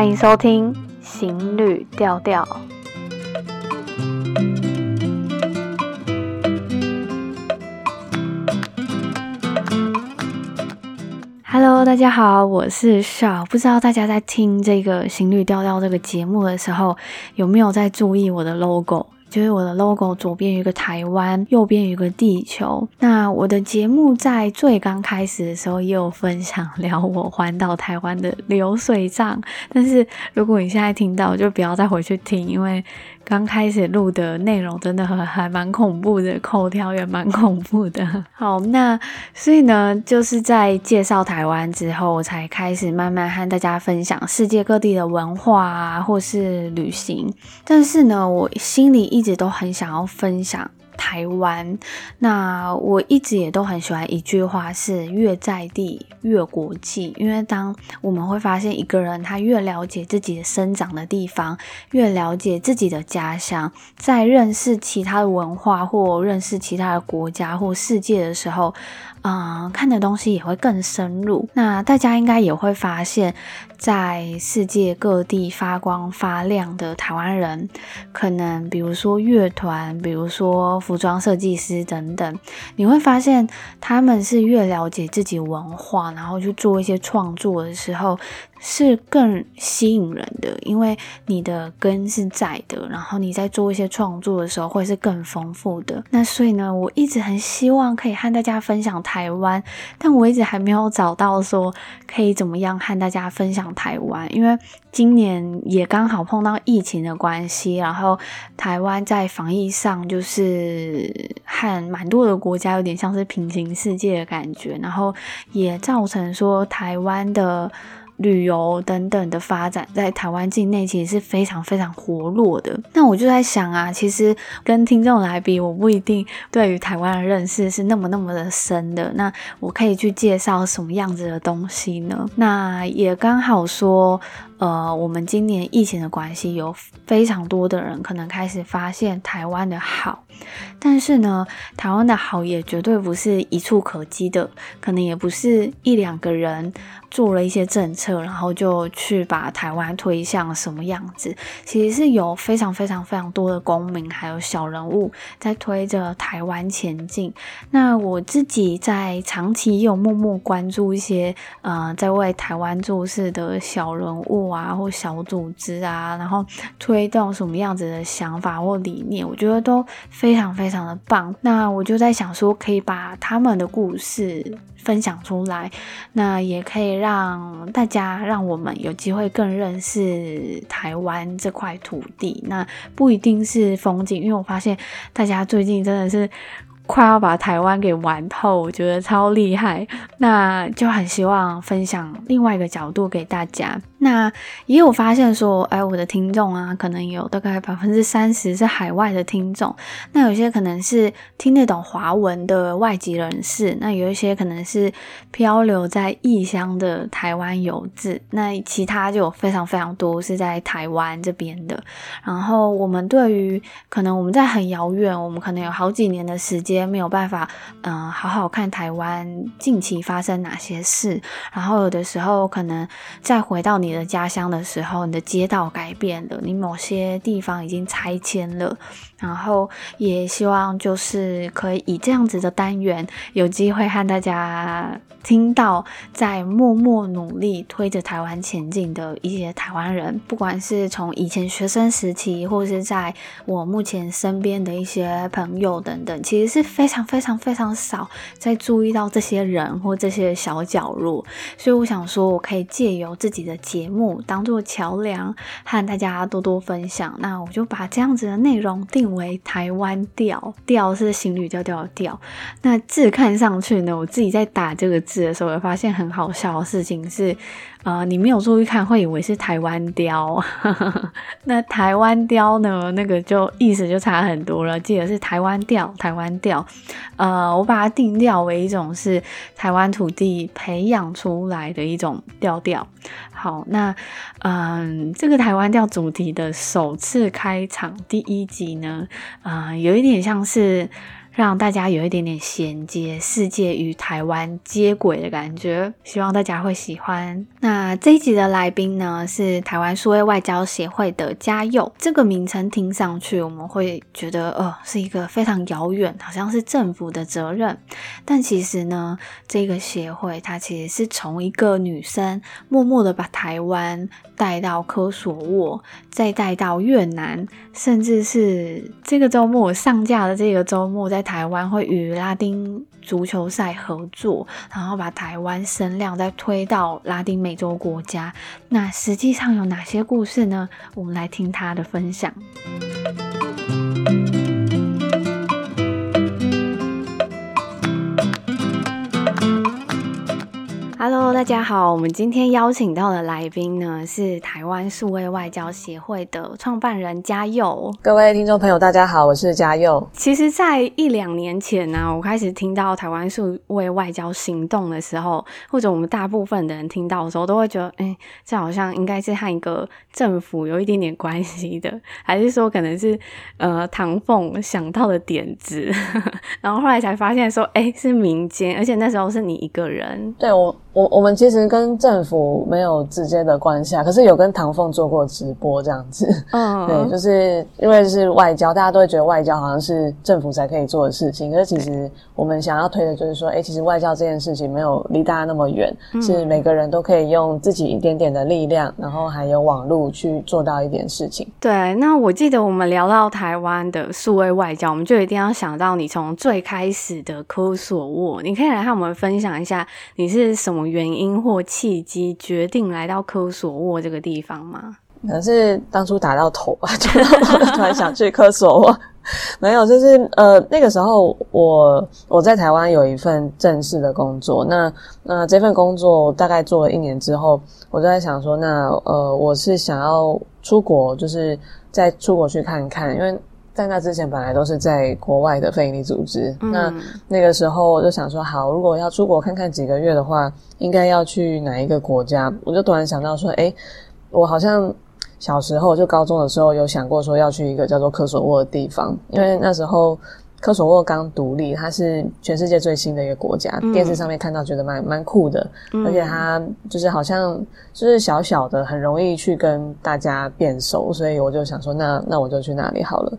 歡迎收聽《行旅調調》。Hello，大家好，我是邵。不知道大家在聽這個《行旅調調》這個節目的時候，有沒有在注意我的 logo？就是我的 logo 左邊有一個台灣，右邊有一個地球。那我的節目在最剛開始的時候也有分享聊我環島台灣的流水賬，但是如果你現在聽到，就不要再回去聽，因為，剛開始錄的內容真的還蠻恐怖的，口條也蠻恐怖的。好，那所以呢，就是在介紹臺灣之後，我才開始慢慢和大家分享世界各地的文化啊，或是旅行。但是呢，我心裡一直都很想要分享。台灣，那我一直也都很喜歡一句話是“越在地越國際”，因為當我們會發現一個人，他越了解自己的生長的地方，越了解自己的家鄉，在認識其他的文化或認識其他的國家或世界的時候，嗯，看的東西也會更深入。那大家應該也會發現，在世界各地發光發亮的台灣人，可能比如說樂團，比如說。服裝設計師等等，你會發現他們是越了解自己文化，然後去做一些創作的時候，是更吸引人的，因為你的根是在的，然後你在做一些創作的時候會是更豐富的。那所以呢，我一直很希望可以和大家分享台灣，但我一直還沒有找到說可以怎麼樣和大家分享台灣，因為今年也剛好碰到疫情的關係，然後台灣在防疫上就是和蠻多的國家有點像是平行世界的感覺，然後也造成說台灣的。旅遊等等的發展，在台灣境內其實是非常非常活絡的。那我就在想啊，其實跟聽眾來比，我不一定對於台灣的認識是那麼那麼的深的。那我可以去介紹什麼樣子的東西呢？那也剛好說。呃，我們今年疫情的關係，有非常多的人可能開始發現台灣的好，但是呢，台灣的好也絕對不是一蹴可幾的，可能也不是一兩個人做了一些政策，然後就去把台灣推向什麼樣子，其實是有非常非常非常多的公民，還有小人物在推着台灣前進。那我自己在長期也有默默關注一些，呃，在為台灣做事的小人物。啊，或小組織啊，然後推動什麼樣子的想法或理念，我覺得都非常非常的棒。那我就在想說，可以把他們的故事分享出來，那也可以讓大家，讓我們有機會更認識台灣這塊土地。那不一定是風景，因為我發現大家最近真的是快要把台灣給玩透，我覺得超厲害。那就很希望分享另外一個角度給大家。那也有發現說，哎，我的聽眾啊，可能有大概百分之三十是海外的聽眾。那有些可能是聽得懂華文的外籍人士。那有一些可能是漂流在異鄉的台灣遊子。那其他就有非常非常多是在台灣這邊的。然後我們對於可能我們在很遙遠，我們可能有好幾年的時間沒有辦法，嗯，好好看台灣近期發生哪些事。然後有的時候可能再回到你。你的家鄉的時候，你的街道改變了，你某些地方已經拆遷了。然後也希望就是可以以這樣子的單元，有機會和大家聽到在默默努力推着台灣前進的一些台灣人，不管是從以前學生時期，或是在我目前身邊的一些朋友等等，其實是非常非常非常少在注意到這些人或這些小角落。所以我想說，我可以借由自己的街節目當做橋樑，和大家多多分享。那我就把這樣子的內容定為台灣調，調是行旅調調的調。那字看上去呢，我自己在打這個字的時候，我發現很好笑的事情是。啊、呃，你沒有注意看，會以為是台灣雕，哈 那台灣雕呢？那個就意思就差很多了。記得是台灣調，台灣調。呃，我把它定調為一種是台灣土地培養出來的一種調調。好，那嗯、呃，這個台灣調主題的首次開場第一集呢，啊、呃，有一點像是。讓大家有一點點銜接世界與台灣接軌的感覺，希望大家會喜歡。那這一集的來賓呢，是台灣數位外交協會的家佑。這個名稱聽上去，我們會覺得，呃，是一個非常遙遠，好像是政府的責任。但其實呢，這個協會它其實是從一個女生默默的把台灣帶到科索沃，再帶到越南，甚至是這個週末我上架的這個週末在。台灣會與拉丁足球賽合作，然後把台灣聲量再推到拉丁美洲國家。那實際上有哪些故事呢？我們來聽他的分享。哈嘍，Hello, 大家好，我們今天邀請到的來賓呢是台灣數位外交協會的創辦人家佑。各位聽眾朋友，大家好，我是家佑。其實，在一兩年前呢、啊，我開始聽到台灣數位外交行動的時候，或者我們大部分的人聽到的時候，都會覺得，哎、欸，這好像應該是和一個政府有一點點關係的，還是說可能是呃唐鳳想到的點子？ 然後後來才發現說，哎、欸，是民間，而且那時候是你一個人。對我。我我們其實跟政府沒有直接的關係啊，可是有跟唐鳳做過直播這樣子。嗯，Oh. 對，就是因為是外交，大家都會覺得外交好像是政府才可以做的事情，可是其實我們想要推的就是說，哎，其實外交這件事情沒有離大家那麼遠，嗯，是每個人都可以用自己一點點的力量，然後還有網絡去做到一點事情。對，那我記得我們聊到台灣的數位外交，我們就一定要想到你從最開始的科索沃，你可以來和我們分享一下你是什麼。原因或契機，決定來到科索沃這個地方嗎？可能是當初打到頭，覺得我就 突然想去科索沃。 沒有，就是呃，那個時候我我在台灣有一份正式的工作，那那、呃、這份工作大概做了一年之後，我就在想說，那呃我是想要出國，就是再出國去看看，因為。在那之前，本來都是在國外的非營利組織。嗯、那那個時候，我就想說，好，如果要出國看看幾個月的話，應該要去哪一個國家？我就突然想到說，誒、欸，我好像小時候就高中的時候有想過說要去一個叫做科索沃的地方，因為那時候科索沃剛獨立，它是全世界最新的一個國家。電視上面看到，覺得蠻蠻酷的，嗯、而且它就是好像就是小小的，很容易去跟大家變熟，所以我就想說那，那那我就去那裡好了。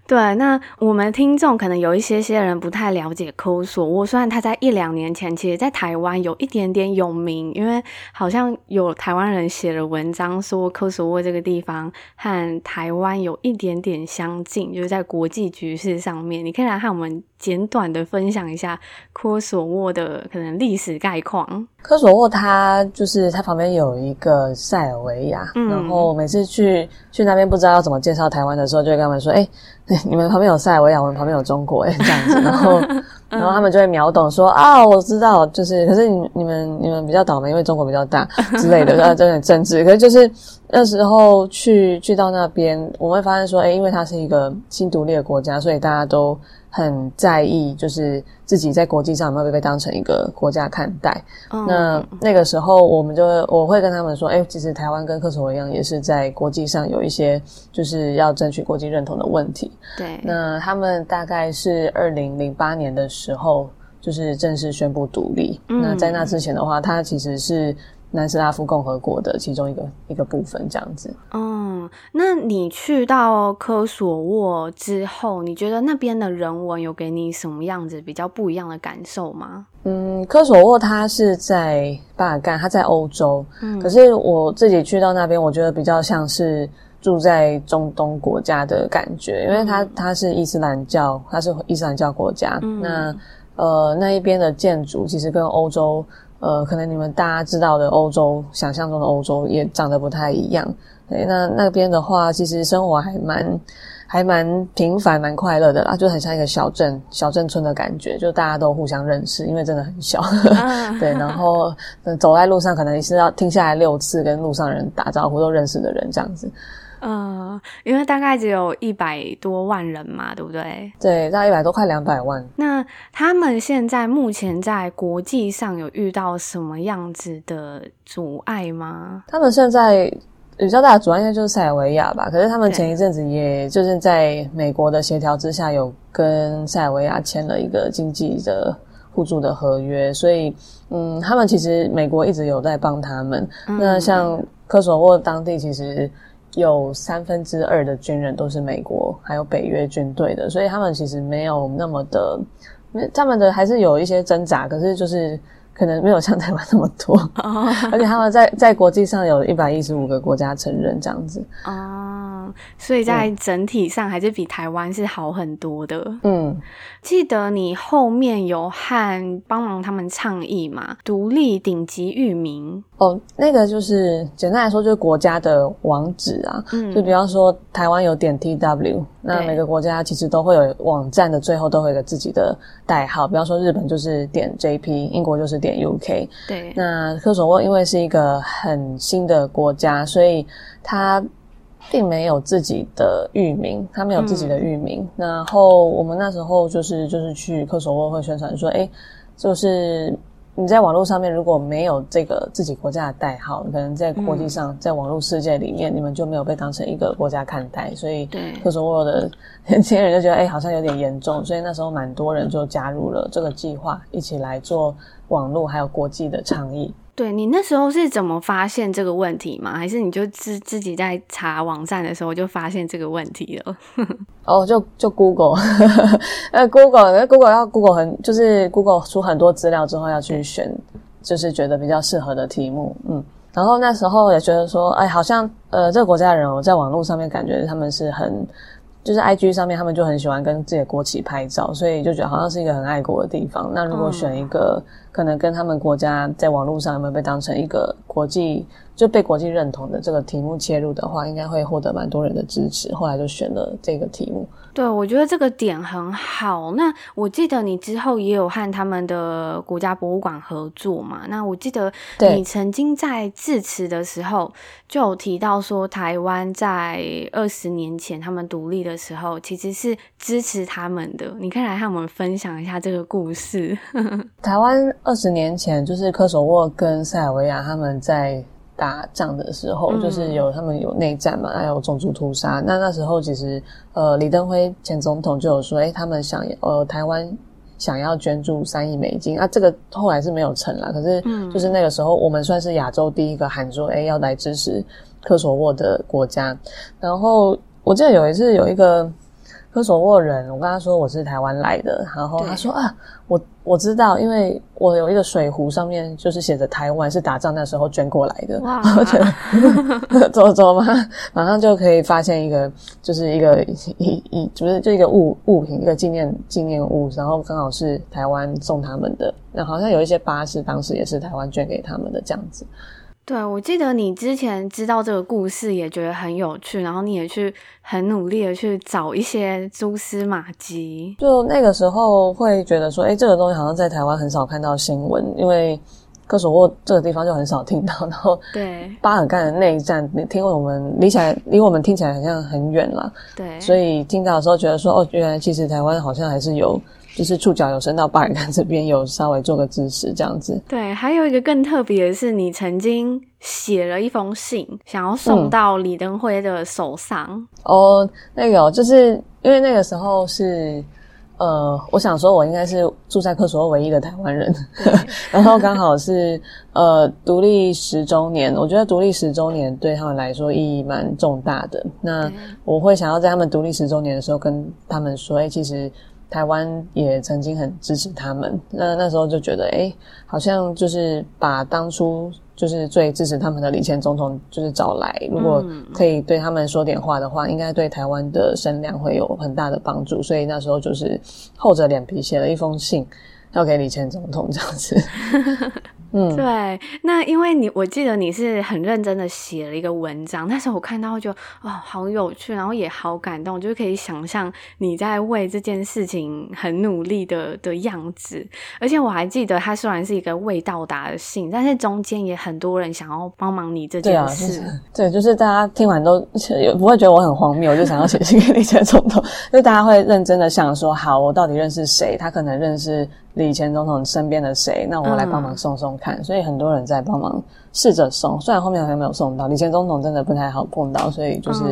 對，那我們聽眾可能有一些些人不太了解科索沃，雖然他在一兩年前，其實在台灣有一點點有名，因為好像有台灣人寫了文章說科索沃這個地方和台灣有一點點相近，就是在國際局勢上面。你可以來和我們簡短的分享一下科索沃的可能歷史概況。科索沃它就是它旁邊有一個塞爾維亞，嗯、然後每次去去那邊不知道要怎麼介紹台灣的時候，就會跟我們說，哎、欸。你們旁邊有塞爾維亞，我們旁邊有中國，欸，這樣子，然後，然後他們就會秒懂說，說 啊，我知道，就是，可是你你們你們比較倒霉，因為中國比較大之類的，那這種政治， 可是就是那時候去去到那邊，我們會發現說，哎，欸，因為它是一個新獨立的國家，所以大家都。很在意，就是自己在國際上有沒有被當成一個國家看待。嗯、那那個時候，我們就我會跟他們說，哎、欸，其實台灣跟科索沃一樣，也是在國際上有一些就是要爭取國際認同的問題。對，那他們大概是二零零八年的時候，就是正式宣布獨立。嗯、那在那之前的話，他其實是。南斯拉夫共和國的其中一個一個部分，這樣子。嗯，那你去到科索沃之後，你覺得那邊的人文有給你什麼樣子比較不一樣的感受嗎？嗯，科索沃它是在巴爾幹，它在歐洲。嗯，可是我自己去到那邊，我覺得比較像是住在中東國家的感覺，因為它它是伊斯蘭教，它是伊斯蘭教國家。嗯，那呃，那一邊的建築其實跟歐洲。呃，可能你們大家知道的歐洲，想象中的歐洲也長得不太一樣。對，那那邊的話，其實生活還蠻還蠻平凡、蠻快樂的啦，就很像一個小鎮、小鎮村的感覺，就大家都互相認識，因為真的很小。 對，然後走在路上，可能也是要停下來六次跟路上人打招呼，都認識的人這樣子。呃，因為大概只有一百多萬人嘛，對不對？對，大概一百多，快兩百萬。那他們現在目前在國際上有遇到什麼樣子的阻礙嗎？他們現在比較大的阻礙應該就是塞爾維亞吧。可是他們前一陣子也就是在美國的協調之下，有跟塞爾維亞簽了一個經濟的互助的合約。所以，嗯，他們其實美國一直有在幫他們。嗯，那像科索沃當地其實。有三分之二的軍人都是美國，還有北約軍隊的，所以他們其實沒有那麼的，他們的還是有一些掙扎，可是就是可能沒有像台灣那麼多，oh. 而且他們在在國際上有一百一十五個國家承認這樣子。oh. 所以在整體上還是比台灣是好很多的。嗯，記得你後面有和幫忙他們倡議嗎？獨立頂級域名哦，那個就是簡單來說就是國家的網址啊。嗯，就比方說台灣有點 tw，對那每個國家其實都會有網站的最後都會有一個自己的代號，比方說日本就是點 jp，英國就是點 uk。對，那科索沃因為是一個很新的國家，所以它。並沒有自己的域名，他們有自己的域名。嗯、然後我們那時候就是就是去科索沃會宣傳說，誒，就是你在網絡上面如果沒有這個自己國家的代號，可能在國際上，嗯、在網絡世界裡面你們就沒有被當成一個國家看待。所以科索沃的年輕、嗯、人就覺得，誒，好像有點嚴重。所以那時候蠻多人就加入了這個計劃，一起來做網絡還有國際的倡議。對。你那時候是怎麼發現這個問題嗎？還是你就自自己在查網站的時候就發現這個問題了？哦、 oh,，就就 Google Google，Google Google 要 Google 很，就是 Google 出很多資料之後要去選，對就是覺得比較適合的題目。嗯，然後那時候也覺得說，哎，好像呃，這個國家的人我、哦、在網絡上面感覺他們是很。就是 IG 上面，他們就很喜歡跟自己的國旗拍照，所以就覺得好像是一個很愛國的地方。那如果選一個，嗯、可能跟他們國家在網絡上有沒有被當成一個國際就被國際認同的這個題目切入的話，應該會獲得蠻多人的支持。後來就選了這個題目。對，我覺得這個點很好。那我記得你之後也有和他們的國家博物館合作嘛。那我記得你曾經在致辭的時候，對就有提到說，台灣在二十年前他們獨立的時候，其實是支持他們的。你可以來和我們分享一下這個故事？ 台灣二十年前就是科索沃跟塞爾維亞他們在。打仗的時候，就是有他們有內戰嘛，嗯、還有種族屠殺。那那時候其實，呃，李登輝前總統就有說，哎、欸，他們想，呃，台灣想要捐助三億美金。啊，這個後來是沒有成啦。可是，嗯，就是那個時候，我們算是亞洲第一個喊說，哎、欸，要來支持科索沃的國家。然後，我記得有一次有一個。科索沃人，我跟他說我是台灣來的，然後他說對啊，我我知道，因為我有一個水壺，上面就是寫着台灣是打仗那時候捐過來的。哇，啊，做做 嘛，馬上就可以發現一個，就是一個一一，不是就一個物物品，一個紀念紀念物，然後剛好是台灣送他們的，然後好像有一些巴士，當時也是台灣捐給他們的這樣子。對，我記得你之前知道這個故事也覺得很有趣，然後你也去很努力的去找一些蛛絲馬跡，就那個時候會覺得說，哎，這個東西好像在台灣很少看到新聞，因為科索沃這個地方就很少聽到，然後對巴爾幹的那一戰，聽我們聽起來，離我們聽起來好像很遠了，對，所以聽到的時候覺得說，哦，原來其實台灣好像還是有。就是觸角有伸到巴爾幹這邊，有稍微做個支持這樣子。對，還有一個更特別的是，你曾經寫了一封信，想要送到李登輝的手上。哦、嗯，oh, 那個、哦，就是因為那個時候是，呃，我想說我應該是住在科索沃唯一的台灣人，對 然後剛好是呃獨立十週年，嗯、我覺得獨立十週年對他們來說意義蠻重大的。那我會想要在他們獨立十週年的時候跟他們說，哎、欸，其實。台灣也曾經很支持他們，那那時候就覺得，哎，好像就是把當初就是最支持他們的李前總統就是找來，如果可以對他們說點話的話，應該對台灣的聲量會有很大的幫助，所以那時候就是厚着臉皮寫了一封信，要給李前總統這樣子。 嗯，對，那因為你，我記得你是很認真的寫了一個文章，那時候我看到就啊、哦，好有趣，然後也好感動，就是可以想象你在為這件事情很努力的的樣子。而且我還記得，它雖然是一個未到達的信，但是中間也很多人想要幫忙你這件事。對，啊就是、對，就是大家聽完都也不會覺得我很荒謬，我就想要寫信給你這個李登輝總統，所以就大家會認真的想說，好，我到底認識誰？他可能認識。李前總統身邊的誰？那我來幫忙送送看。嗯、所以很多人在幫忙試着送，雖然後面好像沒有送到。李前總統真的不太好碰到，所以就是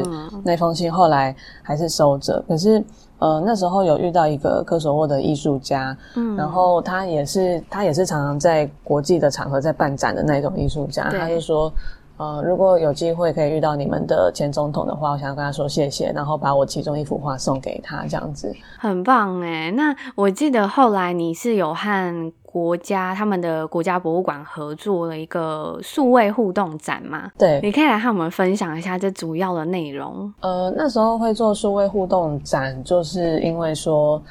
那封信後來還是收着。嗯、可是，呃，那時候有遇到一個科索沃的藝術家，嗯、然後他也是他也是常常在國際的場合在辦展的那種藝術家，對他就說。呃，如果有機會可以遇到你們的前總統的話，我想要跟他說謝謝，然後把我其中一幅畫送給他，這樣子。很棒誒，那我記得後來你是有和國家他們的國家博物館合作了一個數位互動展嘛？對，你可以來和我們分享一下這主要的內容。呃，那時候會做數位互動展，就是因為說。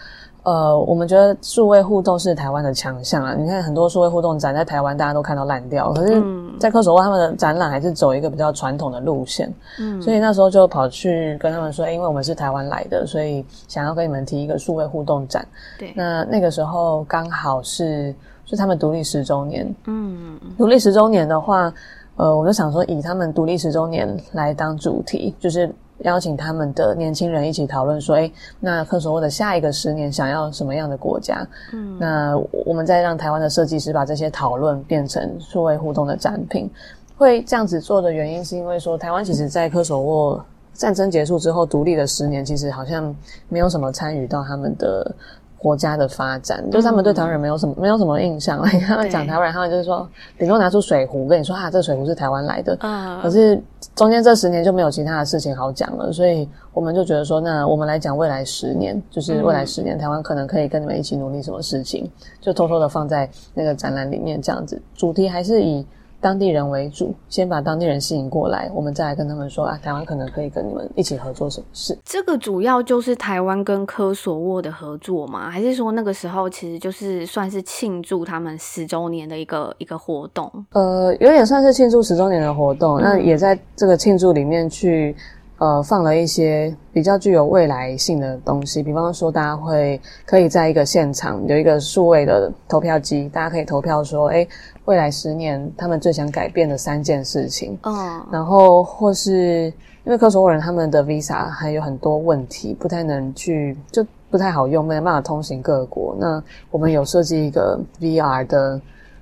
呃，我們覺得數位互動是台灣的強項啊！你看很多數位互動展在台灣大家都看到爛掉，可是在科索沃他們的展覽還是走一個比較傳統的路線。嗯，所以那時候就跑去跟他們說，欸，因為我們是台灣來的，所以想要跟你們提一個數位互動展。對，那那個時候剛好是是他們獨立十週年。嗯，獨立十週年的話，呃，我就想說以他們獨立十週年來當主題，就是。邀請他們的年輕人一起討論說：“哎，那科索沃的下一個十年想要什麼樣的國家？”嗯，那我們再讓台灣的設計師把這些討論變成數位互動的展品。會這樣子做的原因是因為說，台灣其實，在科索沃戰爭結束之後獨立了十年，其實好像沒有什麼參與到他們的。國家的發展，就是他們對台灣人沒有什麼，嗯嗯沒有什麼印象了。他 們講台灣人，對他們就是說，頂多拿出水壺跟你說啊，這水壺是台灣來的。啊、可是中間這十年就沒有其他的事情好講了，所以我們就覺得說，那我們來講未來十年，就是未來十年嗯嗯台灣可能可以跟你們一起努力什麼事情，就偷偷的放在那個展覽裡面這樣子。主題還是以當地人為主，先把當地人吸引過來，我們再來跟他們說啊，台灣可能可以跟你們一起合作什麼事。這個主要就是台灣跟科索沃的合作嗎，還是說那個時候其實就是算是慶祝他們十周年的一個一個活動？呃，有點算是慶祝十周年的活動，嗯、那也在這個慶祝裡面去。呃，放了一些比較具有未來性的東西，比方說，大家會可以在一個現場有一個數位的投票機，大家可以投票說，哎、欸，未來十年他們最想改變的三件事情。哦。Oh. 然後或是因為科索沃人他們的 visa 還有很多問題，不太能去，就不太好用，沒有辦法通行各國。那我們有設計一個 VR 的。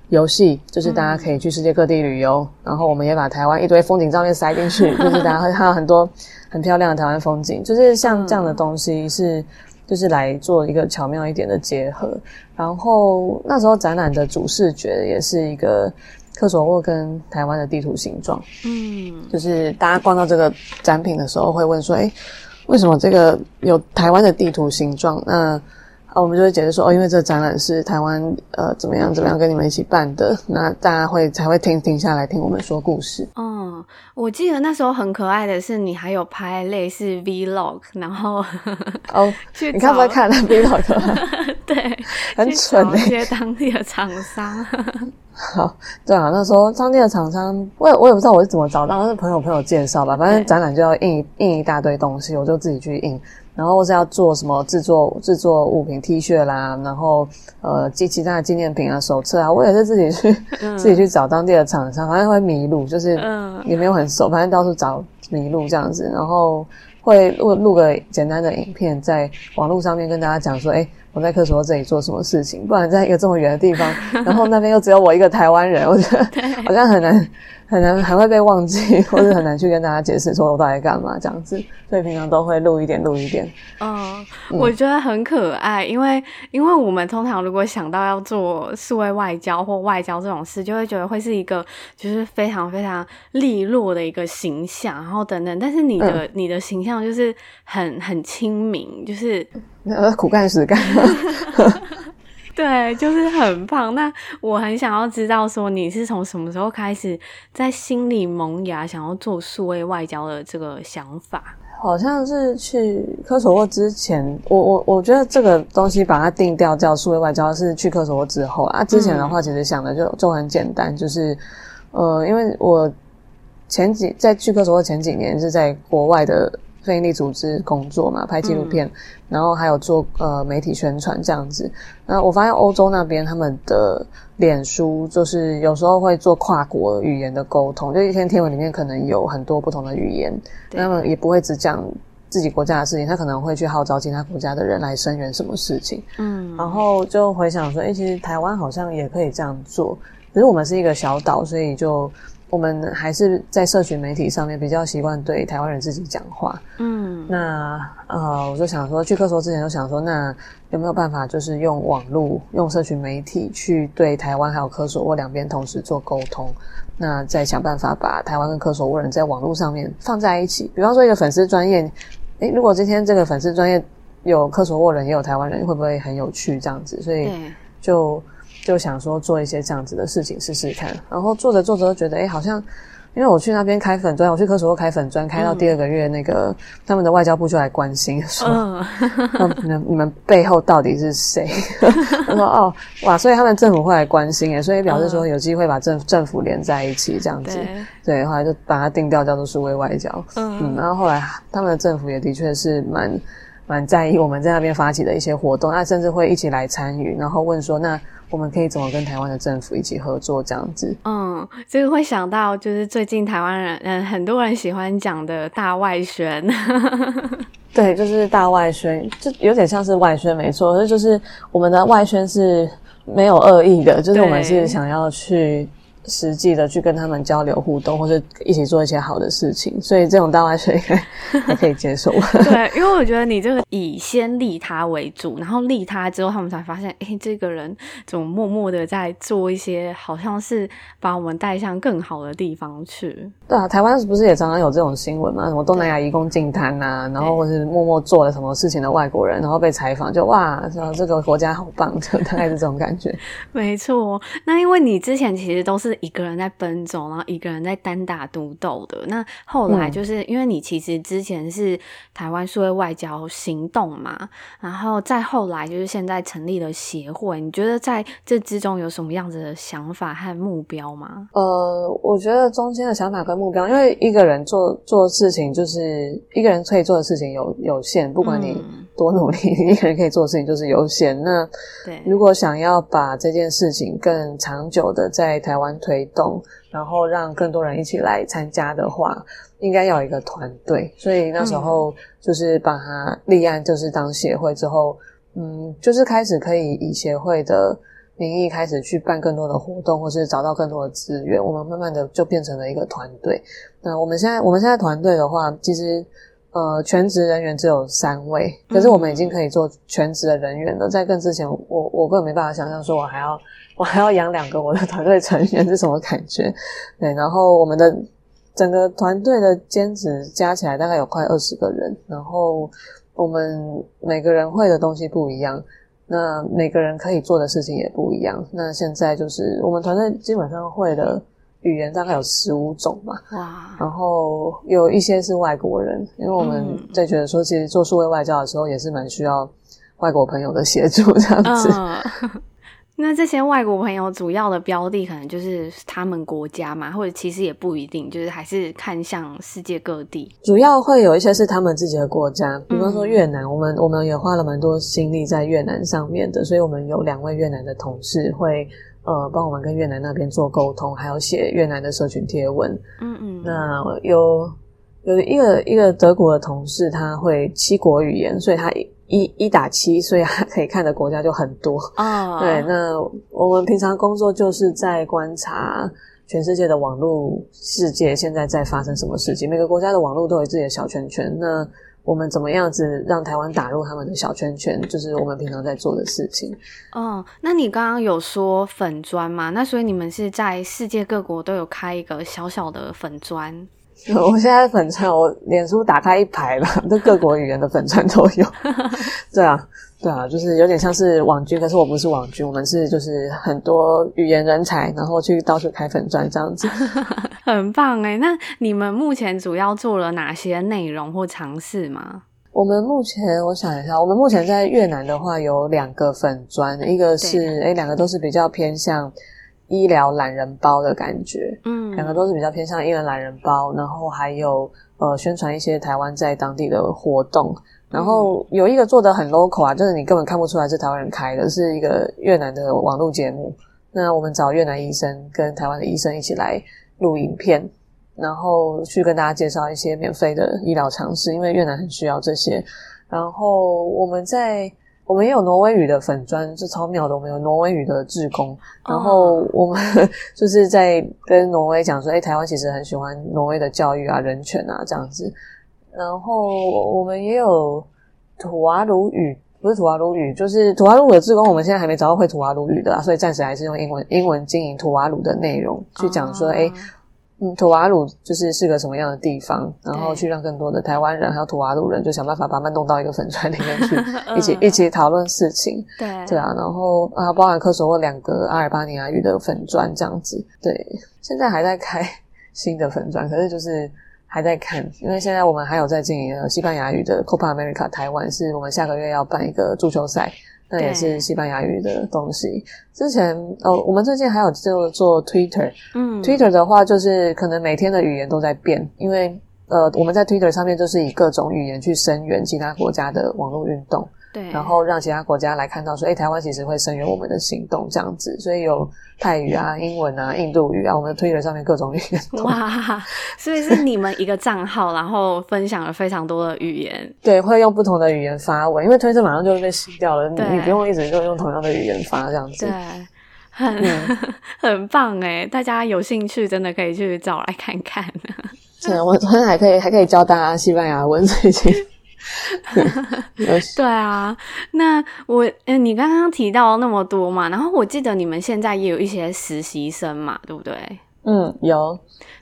遊戲就是大家可以去世界各地旅遊，嗯、然後我們也把台灣一堆風景照片塞進去，就是大家會看到很多很漂亮的台灣風景。就是像這樣的東西是，嗯、就是來做一個巧妙一點的結合。然後那時候展覽的主視覺也是一個科索沃跟台灣的地圖形狀，嗯，就是大家逛到這個展品的時候會問說：“誒，為什麼這個有台灣的地圖形狀？”那啊，我們就會解釋說，哦，因為這個展覽是台灣，呃，怎麼樣怎麼樣跟你們一起辦的，那大家會才會停停下來聽我們說故事。嗯、哦，我記得那時候很可愛的是，你還有拍類似 Vlog，然後呵呵哦，找你看不看了那 Vlog 對，很蠢，欸。一些當地的廠商。 好，對啊，那時候當地的廠商，我我也不知道我是怎麼找到，但是朋友朋友介紹吧。反正展覽就要印對印一，印一大堆東西，我就自己去印。然後或是要做什麼製作製作物品 T 恤啦，然後呃，寄其他的紀念品啊、手冊啊，我也是自己去自己去找當地的廠商，反正會迷路，就是也沒有很熟，反正到處找迷路這樣子，然後會錄錄個簡單的影片在網絡上面跟大家講說，哎。我在科索沃這裡做什麼事情？不然在一個這麼遠的地方，然後那邊又只有我一個台灣人， 我覺得好像很難很難，還會被忘記，或是很難去跟大家解釋說我到底幹嘛這樣子。所以平常都會錄一,一點，錄一點。嗯，嗯我覺得很可愛，因為因為我們通常如果想到要做數位外交或外交這種事，就會覺得會是一個就是非常非常利落的一個形象，然後等等。但是你的、嗯、你的形象就是很很親民，就是。呃，苦幹實幹。對，就是很胖。那我很想要知道，說你是從什麼時候開始在心裡萌芽，想要做數位外交的這個想法？好像是去科索沃之前，我我我覺得這個東西把它定調叫數位外交，是去科索沃之後啊。之前的話，其實想的就、嗯、就很簡單，就是呃，因為我前幾在去科索沃前幾年是在國外的。非營利組織工作嘛，拍紀錄片，嗯、然後還有做呃媒體宣傳這樣子。那我發現歐洲那邊他們的臉書，就是有時候會做跨國語言的溝通，就一篇天，天文裡面可能有很多不同的語言，他們對也不會只講自己國家的事情，他可能會去號召其他國家的人來聲援什麼事情。嗯，然後就回想說，哎、欸，其實台灣好像也可以這樣做，只是我們是一個小島，所以就。我們還是在社群媒體上面比較習慣對台灣人自己講話。嗯，那呃，我就想說，去科索之前就想說，那有沒有辦法就是用網絡、用社群媒體去對台灣還有科索沃兩邊同時做溝通？那再想辦法把台灣跟科索沃人在網絡上面放在一起。比方說，一個粉絲專頁、欸，如果今天這個粉絲專頁有科索沃人也有台灣人，會不會很有趣？這樣子，所以就。嗯就想說做一些這樣子的事情試試看，然後做着做着覺得哎、欸，好像因為我去那邊開粉專，我去科索沃開粉專，開到第二個月，那個、嗯、他們的外交部就來關心說、嗯嗯，你們背後到底是誰？我 說哦哇，所以他們政府會來關心耶，所以表示說有機會把政府、嗯、政府連在一起這樣子，對，對，後來就把它定調叫做“數位外交”嗯。嗯，然後後來他們的政府也的確是蠻蠻在意我們在那邊發起的一些活動，那、啊、甚至會一起來參與，然後問說那。我們可以怎麼跟台灣的政府一起合作這樣子？嗯，就是會想到就是最近台灣人嗯很多人喜歡講的大外宣， 對，就是大外宣，就有點像是外宣沒錯，就是我們的外宣是沒有惡意的，就是我們是想要去。實際的去跟他們交流互動，或者一起做一些好的事情，所以這種大外水還可以接受。 對，因為我覺得你這個以先利他為主，然後利他之後，他們才發現，哎，這個人怎麼默默的在做一些，好像是把我們帶向更好的地方去。對啊，台灣不是也常常有這種新聞嘛，什麼東南亞移工淨灘啊，對然後或是默默做了什麼事情的外國人，然後被採訪就哇，這個國家好棒，就大概是這種感覺。 沒錯，那因為你之前其實都是。一個人在奔走，然後一個人在單打獨鬥的。那後來就是、嗯、因為你其實之前是台灣數位外交行動嘛，然後再後來就是現在成立了協會。你覺得在這之中有什麼樣子的想法和目標嗎？呃，我覺得中間的想法跟目標，因為一個人做做事情，就是一個人可以做的事情有有限，不管你。嗯多努力，一個人可以做事情就是有限，那如果想要把這件事情更長久的在台灣推動，然後讓更多人一起來參加的話，應該要有一個團隊。所以那時候就是把它立案，就是當協會之後，嗯，就是開始可以以協會的名義開始去辦更多的活動，或是找到更多的資源。我們慢慢的就變成了一個團隊。那我們現在，我們現在團隊的話，其實。呃，全職人員只有三位，可是我們已經可以做全職的人員了。在更之前，我我根本沒辦法想象，說我還要我還要養兩個我的團隊成員是什麼感覺。對，然後我們的整個團隊的兼職加起來大概有快二十個人，然後我們每個人會的東西不一樣，那每個人可以做的事情也不一樣。那現在就是我們團隊基本上會的。語言大概有十五種嘛，哇然後有一些是外國人，因為我們在覺得說，其實做數位外交的時候也是蠻需要外國朋友的協助這樣子。呃，那這些外國朋友主要的標的可能就是他們國家嘛，或者其實也不一定，就是還是看向世界各地。主要會有一些是他們自己的國家，比方說越南，我們我們也花了蠻多心力在越南上面的，所以我們有兩位越南的同事會。呃，幫我們跟越南那邊做溝通，還有寫越南的社群貼文。嗯嗯，那有有一個一個德國的同事，他會七國語言，所以他一一打七，所以他可以看的國家就很多啊。哦、對，那我們平常工作就是在觀察全世界的網絡世界，現在在發生什麼事情。嗯、每個國家的網絡都有自己的小圈圈。那。我們怎麼樣子讓台灣打入他們的小圈圈？就是我們平常在做的事情。哦，那你剛剛有說粉專嘛？那所以你們是在世界各國都有開一個小小的粉專？我現在粉專，我臉書打開一排了，那各國語言的粉專都有。對啊，對啊，就是有點像是網軍，可是我不是網軍，我們是就是很多語言人才，然後去到處開粉專這樣子。 很棒哎，那你們目前主要做了哪些內容或嘗試嗎？我們目前我想，想一下，我們目前在越南的話有兩個粉專，一個是誒，兩個都是比較偏向。醫療懶人包的感覺，嗯，兩個都是比較偏向醫療懶人包，然後還有呃宣傳一些台灣在當地的活動，然後有一個做得很 local 啊，就是你根本看不出來是台灣人開的，是一個越南的網絡節目。那我們找越南醫生跟台灣的醫生一起來錄影片，然後去跟大家介紹一些免費的醫療常識，因為越南很需要這些。然後我們在。我們也有挪威語的粉專，是超妙的。我們有挪威語的志工，然後我們就是在跟挪威講說，哎、欸，台灣其實很喜歡挪威的教育啊、人權啊這樣子。然後我們也有土瓦盧語，不是土瓦盧語，就是土瓦盧的志工。我們現在還沒找到會土瓦盧語的，所以暫時還是用英文、英文經營土瓦盧的內容，去講說，誒、欸嗯，土瓦魯就是是個什麼樣的地方？然後去讓更多的台灣人對還有土瓦魯人，就想辦法把他們弄到一個粉專裡面去，一起， 一起，一起討論事情。對，對啊，然後啊，包含科索沃兩個阿爾巴尼亞語的粉專這樣子。對，現在還在開新的粉專，可是就是還在看，嗯，因為現在我們還有在經營了西班牙語的 Copa America，台灣是我們下個月要辦一個足球賽。那也是西班牙語的東西。對之前哦，我們最近還有就做 Twitter，嗯，Twitter 的話就是可能每天的語言都在變，因為呃，我們在 Twitter 上面就是以各種語言去聲援其他國家的網絡運動。對然後讓其他國家來看到說，說、欸、哎，台灣其實會聲援我們的行動這樣子，所以有泰語啊、英文啊、印度語啊，我們的推特上面各種語言。哇，所以是你們一個賬號， 然後分享了非常多的語言。對，會用不同的語言發文，因為推特馬上就會被洗掉了你，你對你不用一直就用同樣的語言發這樣子。對，很 Yeah. 很棒哎、欸，大家有興趣真的可以去找來看看。真 的、啊，我昨天還可以還可以教大家西班牙文最近。 對啊，那我呃，你剛剛提到那麼多嘛，然後我記得你們現在也有一些實習生嘛，對不對？嗯，有。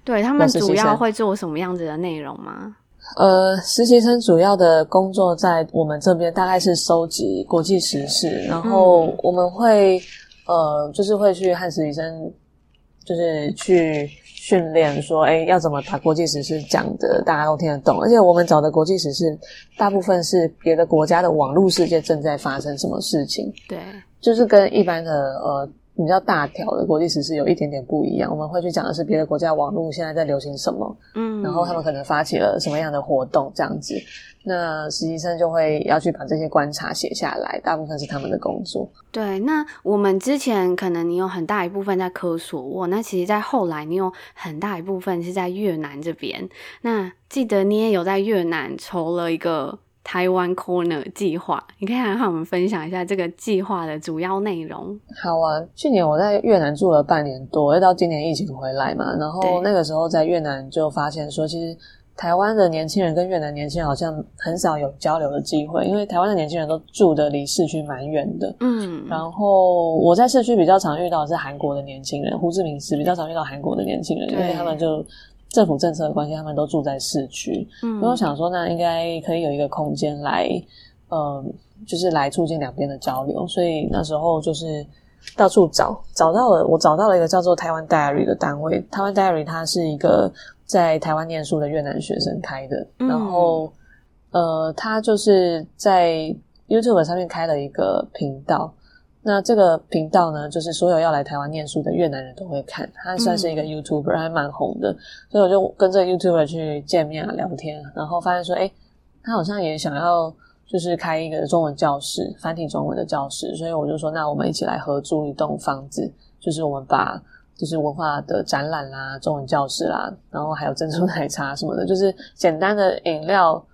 對，他們主要會做什麼樣子的內容嗎？呃，實習生主要的工作在我們這邊大概是收集國際時事，嗯，然後我們會呃，就是會去和實習生就是去。訓練說，誒，要怎麼把國際時事講的大家都聽得懂？而且我們找的國際時事，大部分是別的國家的網絡世界正在發生什麼事情。對，就是跟一般的呃。比較大條的國際時事有一點點不一樣，我們會去講的是別的國家網絡現在在流行什麼，嗯，然後他們可能發起了什麼樣的活動這樣子，那實習生就會要去把這些觀察寫下來，大部分是他們的工作。對，那我們之前可能你有很大一部分在科索沃，那其實，在後來你有很大一部分是在越南這邊，那記得你也有在越南籌了一個。台灣 Corner 計劃，你可以來和我們分享一下這個計劃的主要內容。好啊，去年我在越南住了半年多，一直到今年疫情回來嘛。然後那個時候在越南就發現說，對其實台灣的年輕人跟越南年輕人好像很少有交流的機會，因為台灣的年輕人都住的離市區蠻遠的。嗯，然後我在市區比較常遇到的是韓國的年輕人，胡志明市比較常遇到韓國的年輕人，所以對他們就。政府政策的關係，他們都住在市區。嗯，所以我想說，那應該可以有一個空間來，嗯、呃，就是來促進兩邊的交流。所以那時候就是到處找，找到了，我找到了一個叫做台灣 Diary 的單位。台灣 Diary 他是一個在台灣念書的越南學生開的，嗯、然後呃，他就是在 YouTube 上面開了一個頻道。那這個頻道呢，就是所有要來台灣念書的越南人都會看，他算是一個 YouTuber，還蠻紅的。所以我就跟這個 YouTuber 去見面啊、聊天，然後發現說，哎，他好像也想要就是開一個中文教室、繁體中文的教室。所以我就說，那我們一起來合租一棟房子，就是我們把就是文化的展覽啦、啊、中文教室啦、啊，然後還有珍珠奶茶什麼的，就是簡單的飲料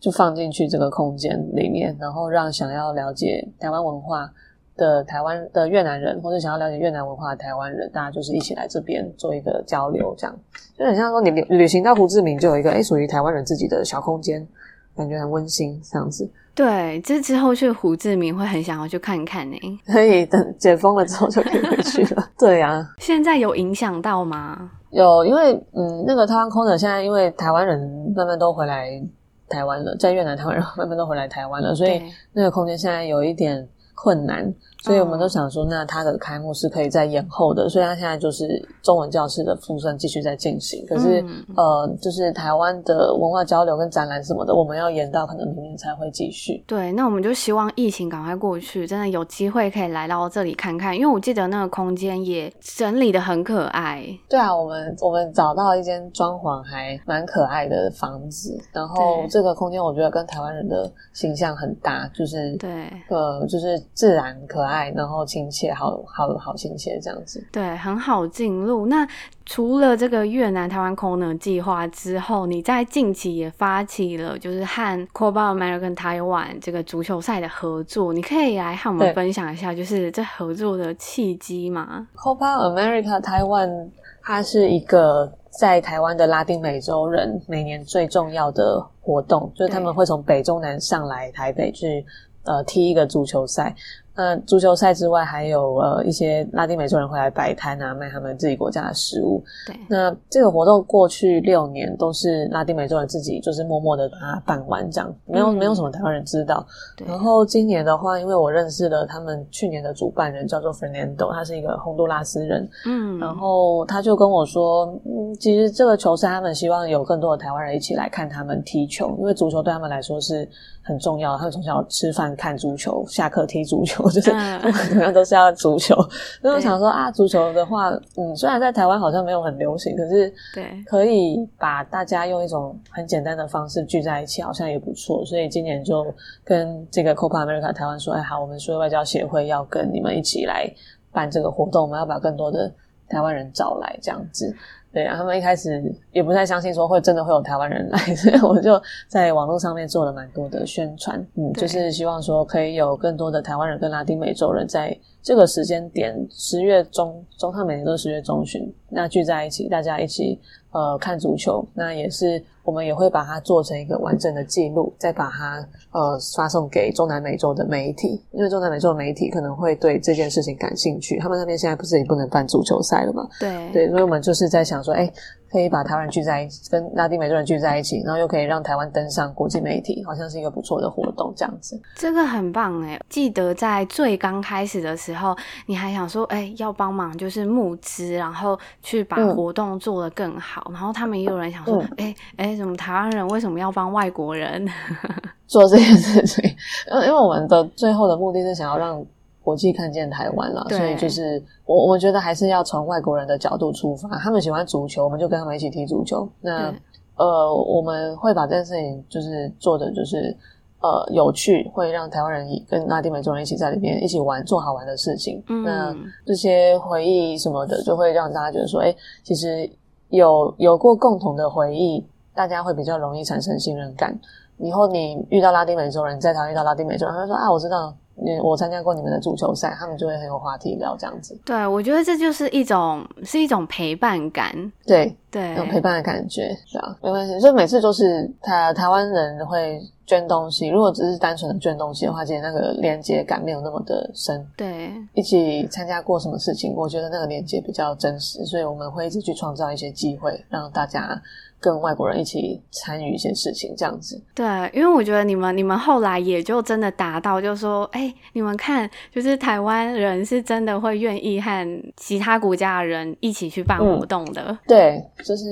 就放進去這個空間裡面，然後讓想要了解台灣文化的台灣的越南人，或是想要了解越南文化的台灣人，大家就是一起來這邊做一個交流，這樣就很像說你旅行到胡志明就有一個欸、屬於台灣人自己的小空間，感覺很溫馨這樣子。對，這之後去胡志明會很想要去看看呢、欸。所以等解封了之後就可以回去了。 對呀、啊，現在有影響到嗎？有，因為嗯，那個台灣空的，現在因為台灣人慢慢都回來台灣了，在越南台灣人慢慢都回來台灣了，所以那個空間現在有一點困難。所以我們都想說，那它的開幕是可以再延後的，所以他現在就是中文教室的復升繼續在進行。可是，嗯、呃，就是台灣的文化交流跟展覽什麼的，我們要延到可能明年才會繼續。對，那我們就希望疫情趕快過去，真的有機會可以來到這裡看看。因為我記得那個空間也整理的很可愛。對啊，我們我們找到一間裝潢還蠻可愛的房子，然後這個空間我覺得跟台灣人的形象很搭，就是對，呃，就是自然可愛。然後親切，好好好親切，這樣子對，很好進入。那除了這個越南台灣 corner 計劃之後，你在近期也發起了就是和 Copa America 台灣這個足球賽的合作，你可以來和我們分享一下，就是這合作的契機嗎？Copa America 台灣，對它是一個在台灣的拉丁美洲人每年最重要的活動，對就是他們會從北中南上來台北去呃踢一個足球賽。那、呃、足球賽之外，還有呃一些拉丁美洲人會來擺攤啊，賣他們自己國家的食物。對。那這個活動過去六年都是拉丁美洲人自己就是默默的把它辦完，這樣沒有沒有什麼台灣人知道。對、嗯。然後今年的話，因為我認識了他們去年的主辦人叫做 Fernando，他是一個洪都拉斯人。嗯。然後他就跟我說，嗯、其實這個球賽他們希望有更多的台灣人一起來看他們踢球，因為足球對他們來說是很重要，他們從小吃飯看足球，下課踢足球。我就是，可能、uh, uh, 都是要足球，所以對我想說啊，足球的話，嗯，雖然在台灣好像沒有很流行，可是對，可以把大家用一種很簡單的方式聚在一起，好像也不錯。所以今年就跟這個 Copa America 台灣說，哎好，我們數位外交協會要跟你們一起來辦這個活動，我們要把更多的台灣人找來這樣子。對啊，他們一開始也不太相信說會真的會有台灣人來，所 以我就在網絡上面做了蠻多的宣傳，嗯，對就是希望說可以有更多的台灣人跟拉丁美洲人在這個時間點十月中，中創每年都是十月中旬，那聚在一起，大家一起呃看足球，那也是。我們也會把它做成一個完整的記錄，再把它呃發送給中南美洲的媒體，因為中南美洲的媒體可能會對這件事情感興趣。他們那邊現在不是也不能辦足球賽了嘛？對，對，所以我們就是在想說，哎、欸。可以把台灣人聚在一起，跟拉丁美洲人聚在一起，然後又可以讓台灣登上國際媒體，好像是一個不錯的活動這樣子。這個很棒哎！記得在最剛開始的時候，你還想說，哎、欸，要幫忙就是募資，然後去把活動做得更好。嗯、然後他們也有人想說，誒誒、嗯欸欸、怎麼台灣人為什麼要幫外國人 做這件事情？因因為我們的最後的目的是想要讓。國際看見台灣了，對所以就是我我們覺得還是要從外國人的角度出發。他們喜歡足球，我們就跟他們一起踢足球。那、嗯、呃，我們會把這件事情就是做的就是呃有趣，會讓台灣人跟拉丁美洲人一起在裡面一起玩，做好玩的事情。嗯、那這些回憶什麼的，就會讓大家覺得說，哎、欸，其實有有過共同的回憶，大家會比較容易產生信任感。以後你遇到拉丁美洲人，在台灣遇到拉丁美洲人，他會說啊，我知道。你我參加過你們的足球賽，他們就會很有話題聊這樣子。對，我覺得這就是一種是一種陪伴感。對對，有陪伴的感覺，是啊，沒關係。所以每次都是台灣人會捐東西。如果只是單純的捐東西的話，其實那個連結感沒有那麼的深。對，一起參加過什麼事情，我覺得那個連結比較真實。所以我們會一直去創造一些機會，讓大家。跟外國人一起參與一些事情，這樣子。對，因為我覺得你們你們後來也就真的達到，就是說，哎、欸，你們看，就是台灣人是真的會願意和其他國家的人一起去辦活動的。嗯、對，就是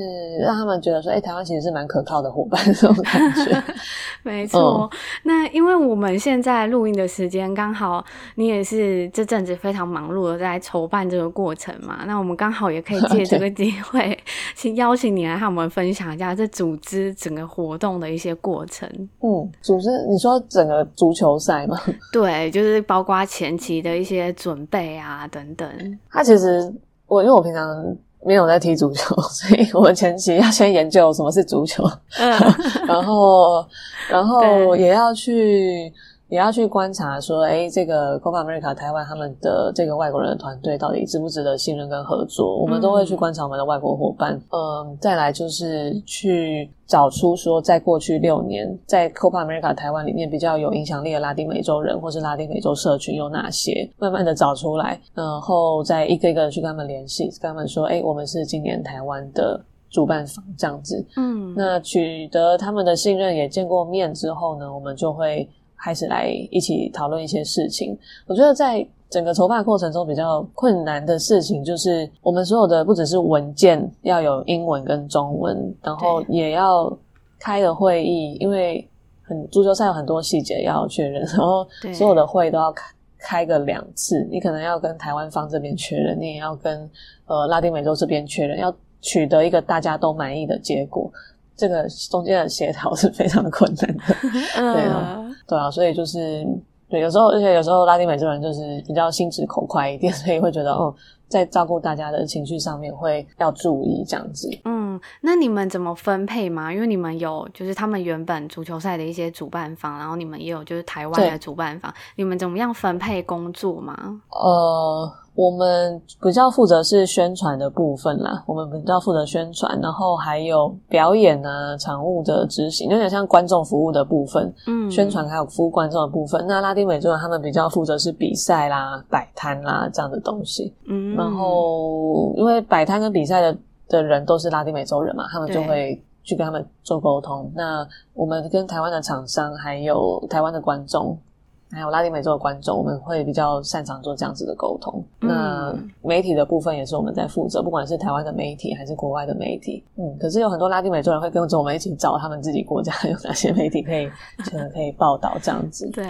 讓他們覺得說，哎、欸，台灣其實是蠻可靠的伙伴，這種感覺。 沒錯。嗯、那因為我們現在錄音的時間剛好，你也是這陣子非常忙碌的在籌辦這個過程嘛，那我們剛好也可以借這個機會，去邀請你來和我們分享、okay。講一下這組織整個活動的一些過程。嗯，組織，你說整個足球賽嗎？對，就是包括前期的一些準備啊等等。他其實我因為我平常沒有在踢足球，所以我們前期要先研究什麼是足球， 然後然後也要去。也要去觀察說，誒，這個 Copa America 台灣他們的這個外國人的團隊到底值不值得信任跟合作？嗯、我們都會去觀察我們的外國夥伴。嗯，再來就是去找出說，在過去六年，在 Copa America 台灣裡面比較有影響力的拉丁美洲人或是拉丁美洲社群有哪些？慢慢的找出來，然後再一個一個去跟他們聯繫，跟他們說，誒，我們是今年台灣的主辦方，這樣子。嗯，那取得他們的信任，也見過面之後呢，我們就會。開始來一起討論一些事情。我覺得在整個籌辦的過程中比較困難的事情，就是我們所有的不只是文件要有英文跟中文，然後也要開個會議，因為很足球賽有很多細節要確認，然後所有的會都要開開個兩次。你可能要跟台灣方這邊確認，你也要跟呃拉丁美洲這邊確認，要取得一個大家都滿意的結果。這個中間的協調是非常的困難的，對啊，嗯、對啊，所以就是對，有時候而且有時候拉丁美洲人就是比較心直口快一點，所以會覺得哦、嗯，在照顧大家的情緒上面會要注意這樣子，嗯。那你們怎麼分配嗎？因為你們有就是他們原本足球賽的一些主辦方，然後你們也有就是台灣的主辦方，對你們怎麼樣分配工作嗎？呃，我們比較負責是宣傳的部分啦，我們比較負責宣傳，然後還有表演啊、場務的執行，有點像觀眾服務的部分。嗯，宣傳還有服務觀眾的部分。那拉丁美洲人他們比較負責是比賽啦、擺攤啦這樣的東西。嗯，嗯，然後因為擺攤跟比賽的。的人都是拉丁美洲人嘛，他們就會去跟他們做溝通。對那我們跟台灣的廠商，還有台灣的觀眾，還有拉丁美洲的觀眾，我們會比較擅長做這樣子的溝通。那媒體的部分也是我們在負責，不管是台灣的媒體還是國外的媒體，嗯，可是有很多拉丁美洲人會跟着我們一起找他們自己國家有哪些媒體可以，嗯， 可以報道這樣子。對。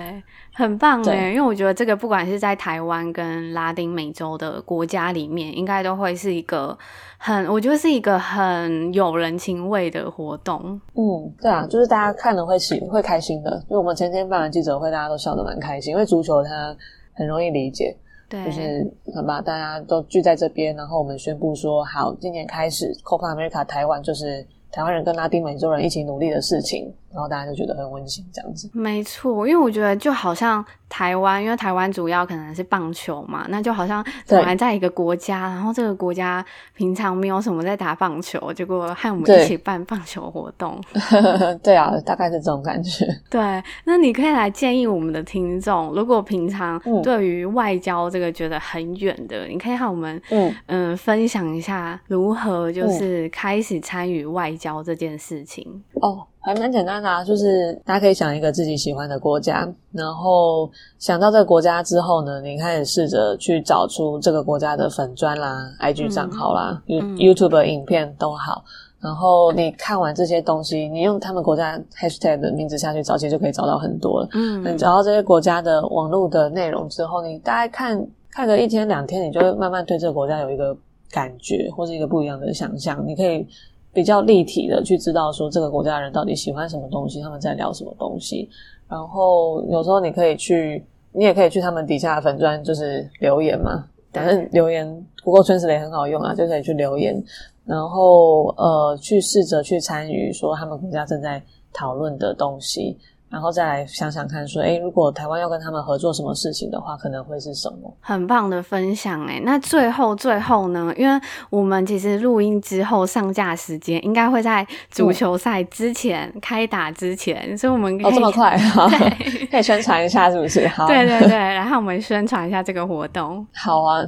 很棒哎、欸，對因為我覺得這個不管是在台灣跟拉丁美洲的國家裡面，應該都會是一個很，我覺得是一個很有人情味的活動。嗯，對啊，就是大家看了會喜對會開心的。就我們前天辦完記者會，大家都笑得蠻開心，因為足球它很容易理解。對，就是好吧，大家都聚在這邊，然後我們宣布說，好，今年開始 Copa America 台灣就是台灣人跟拉丁美洲人一起努力的事情。然後大家就覺得很溫馨，這樣子。沒錯，因為我覺得就好像台灣，因為台灣主要可能是棒球嘛，那就好像怎麼還在一個國家，對然後這個國家平常沒有什麼在打棒球，結果和我們一起辦棒球活動。對， 對啊，大概是這種感覺。對，那你可以來建議我們的聽眾，如果平常對於外交這個覺得很遠的，嗯、你可以和我們嗯嗯、呃、分享一下如何就是開始參與外交這件事情哦。還蠻簡單的啊，就是大家可以想一個自己喜歡的國家，然後想到這個國家之後呢，你開始試着去找出這個國家的粉專啦、嗯、IG 賬號啦、嗯、YouTube 的影片都好。然後你看完這些東西，你用他們國家 Hashtag 的名字下去找，其實就可以找到很多了。嗯，你找到這些國家的網絡的內容之後，你大概看看個一天兩天，你就會慢慢對這個國家有一個感覺，或是一個不一樣的想象。你可以。比較立體的去知道說，這個國家的人到底喜歡什麼東西，他們在聊什麼東西。然後有時候你可以去，你也可以去他們底下的粉專就是留言嘛，但是、嗯嗯、留言。不過 Google Translate 很好用啊，就可以去留言，然後呃去試着去參與說他們國家正在討論的東西。然後再來想想看，說，哎，如果台灣要跟他們合作什麼事情的話，可能會是什麼？很棒的分享哎！那最後最後呢？因為我們其實錄音之後上架時間應該會在足球賽之前、嗯、開打之前，所以我們可以哦這麼快啊？好對，可以宣傳一下，是不是？好、啊，對對對，然後我們宣傳一下這個活動。好啊，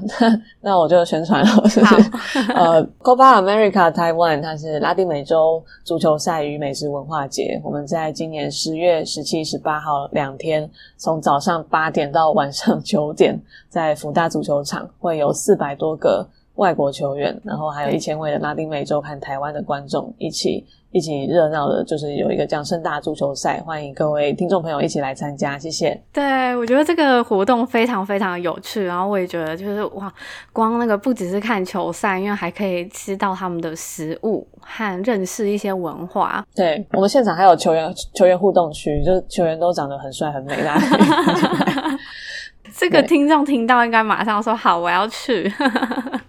那我就宣傳了，就好 呃 Copa America Taiwan，它是拉丁美洲足球賽與美食文化節，我們在今年十月。十七、十八號兩天，從早上八點到晚上九點，在福大足球場會有四百多個外國球員，嗯，然後還有一千位的拉丁美洲和台灣的觀眾一起。一起熱鬧的就是有一個這樣盛大足球賽，歡迎各位聽眾朋友一起來參加，謝謝。對，我覺得這個活動非常非常有趣，然後我也覺得就是哇，光那個不只是看球賽，因為還可以吃到他們的食物和認識一些文化。對，我們現場還有球員，球員互動區，就是球員都長得很帥很美啦。 這個聽眾聽到應該馬上說：“好，我要去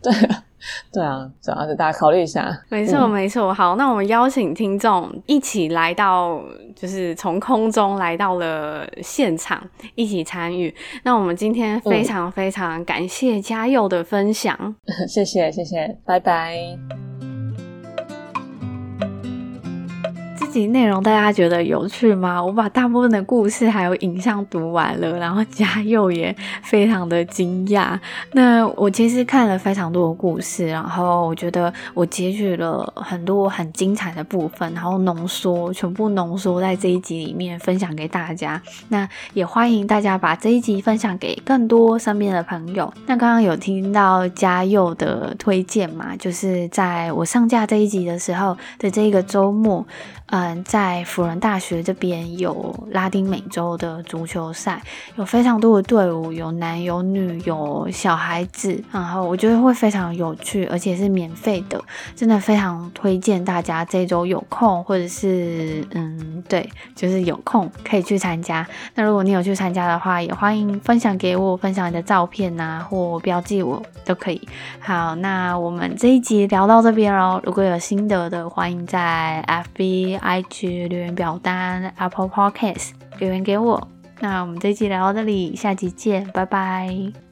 對。” 對、啊，對啊，主要是大家考慮一下。沒錯，沒錯。好，那我們邀請聽眾一起來到，就是從空中來到了現場，一起參與。那我們今天非常非常感謝家佑的分享。嗯，謝謝，謝謝，拜拜。內容大家覺得有趣嗎？我把大部分的故事還有影像讀完了，然後家佑也非常的驚訝。那我其實看了非常多的故事，然後我覺得我截取了很多很精彩的部分，然後濃縮，全部濃縮在這一集裡面分享給大家。那也歡迎大家把這一集分享給更多身邊的朋友。那剛剛有聽到家佑的推薦嘛？就是在我上架這一集的時候的這個周末。嗯，在輔仁大學這邊有拉丁美洲的足球賽，有非常多的隊伍，有男有女，有小孩子，然後我覺得會非常有趣，而且是免費的，真的非常推薦大家這週有空或者是嗯對，就是有空可以去參加。那如果你有去參加的話，也歡迎分享給我，分享你的照片吶、啊、或標記我都可以。好，那我們這一集聊到這邊哦，如果有心得的，歡迎在 FB。iQ 留言表單、Apple Podcast 留言給我。那我們這期聊到這裡，下集見，拜拜。